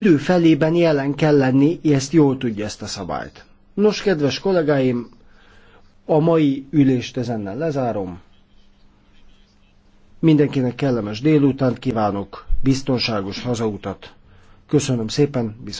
idő felében jelen kell lenni, és ezt jól tudja ezt a szabályt. Nos, kedves kollégáim, a mai ülést ezennel lezárom. Mindenkinek kellemes délutánt kívánok, biztonságos hazautat. Köszönöm szépen, viszont